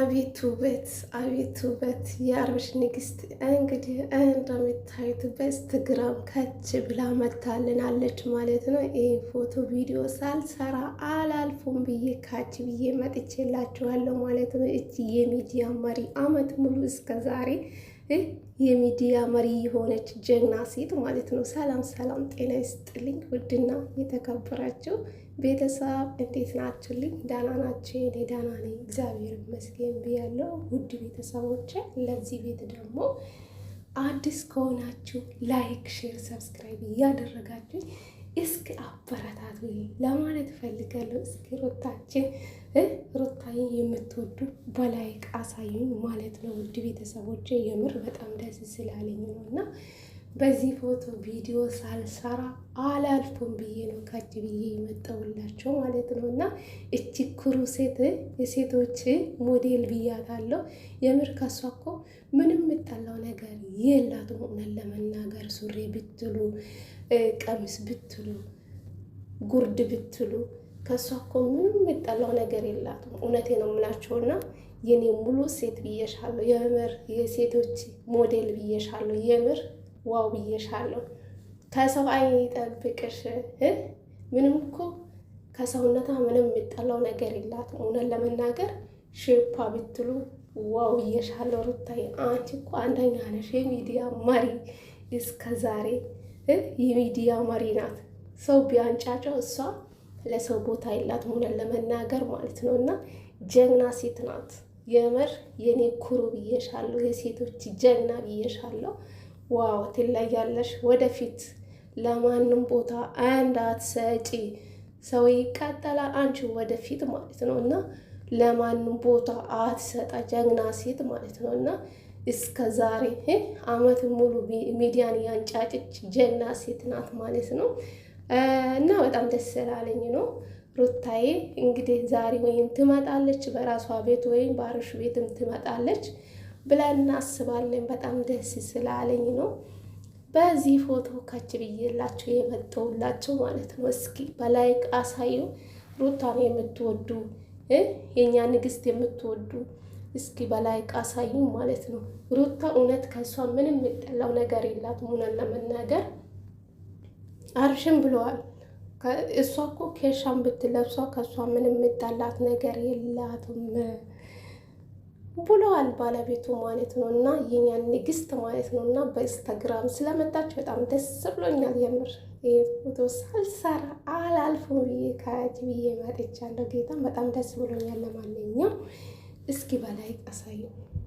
አቤት ውበት አቤት ውበት የአብርሽ ንግስት እንግዲህ እንደምታዩት በኢንስታግራም ከች ብላ መታልናለች ማለት ነው። ይህ ፎቶ ቪዲዮ ሳልሰራ አላልፉም ብዬ ካች ብዬ መጥቼላችኋለሁ ማለት ነው። እች የሚዲያ መሪ አመት ሙሉ እስከ ዛሬ የሚዲያ መሪ የሆነች ጀግና ሴት ማለት ነው። ሰላም ሰላም፣ ጤና ይስጥልኝ ውድና የተከበራችሁ ቤተሰብ እንዴት ናችሁልኝ? ዳና ናቸው የኔ ዳና ነኝ እግዚአብሔር ይመስገን ብያለሁ። ውድ ቤተሰቦች ለዚህ ቤት ደግሞ አዲስ ከሆናችሁ ላይክ፣ ሼር፣ ሰብስክራይብ እያደረጋችሁ እስኪ አበረታቱ ለማለት እፈልጋለሁ። እስኪ ሩታችን ላይ የምትወዱት በላይክ አሳዩኝ ማለት ነው። ውድ ቤተሰቦች የምር በጣም ደስ ስላለኝ ነው እና በዚህ ፎቶ ቪዲዮ ሳልሰራ አላልፎም ብዬ ነው ካጅ ብዬ የመጠውላቸው ማለት ነው እና እቺ ኩሩ ሴት የሴቶች ሞዴል ብያታለሁ። የምር ከሷ እኮ ምንም የምጠላው ነገር የላት እውነት ለመናገር ሱሬ ብትሉ፣ ቀሚስ ብትሉ፣ ጉርድ ብትሉ ከእሷ እኮ ምንም የሚጠላው ነገር የላትም። እውነቴ ነው የምላቸውና የኔ ሙሉ ሴት ብዬሻለሁ። የምር የሴቶች ሞዴል ብዬሻለሁ። የምር ዋው ብዬሻለሁ። ከሰው ዓይን ይጠብቅሽ። ምንም እኮ ከሰውነቷ ምንም የሚጠላው ነገር የላትም። እውነት ለመናገር ሽፓ ብትሉ ዋው ብዬሻለሁ። ሩታዬ አንቺ እኮ አንደኛ ነሽ፣ የሚዲያ መሪ እስከ ዛሬ የሚዲያ መሪ ናት። ሰው ቢያንጫጫው እሷ ለሰው ቦታ የላት ሆነን ለመናገር ማለት ነው። እና ጀግና ሴት ናት። የመር የኔ ኩሩ ብዬሻለሁ። የሴቶች ጀግና ብዬሻለሁ። ዋው ትለያለሽ። ወደፊት ለማንም ቦታ ሰጪ ሰው ይቀጠላል አንቺ ወደፊት ማለት ነው እና ለማንም ቦታ አትሰጣ። ጀግና ሴት ማለት ነው እና እስከ ዛሬ አመት ሙሉ ሚዲያን ያንጫጭች ጀግና ሴት ናት ማለት ነው። እና በጣም ደስ ላለኝ ነው። ሩታዬ እንግዲህ ዛሬ ወይም ትመጣለች በራሷ ቤት ወይም በአርሹ ቤትም ትመጣለች ብለን እናስባለን። በጣም ደስ ስላለኝ ነው በዚህ ፎቶ ካች ብዬላቸው የመጠውላቸው ማለት ነው። እስኪ በላይክ አሳዩ ሩታን የምትወዱ የእኛ ንግስት የምትወዱ እስኪ በላይክ አሳዩ ማለት ነው። ሩታ እውነት ከእሷ ምንም የሚጠላው ነገር የላትም እውነት ለመናገር አርሽን ብለዋል። እሷ እኮ ኬሻን ብትለብሷ ከእሷ ምን የሚጣላት ነገር የላትም ብለዋል ባለቤቱ ማለት ነው። እና የኛ ንግስት ማለት ነው። እና በኢንስታግራም ስለመጣች በጣም ደስ ብሎኛል። የምር ፎቶ ሳልሰራ አላልፍም ብዬ ከያጅ ብዬ መጥቻለሁ። ጌታ በጣም ደስ ብሎኛል። ለማንኛውም እስኪ በላይ አሳዩ።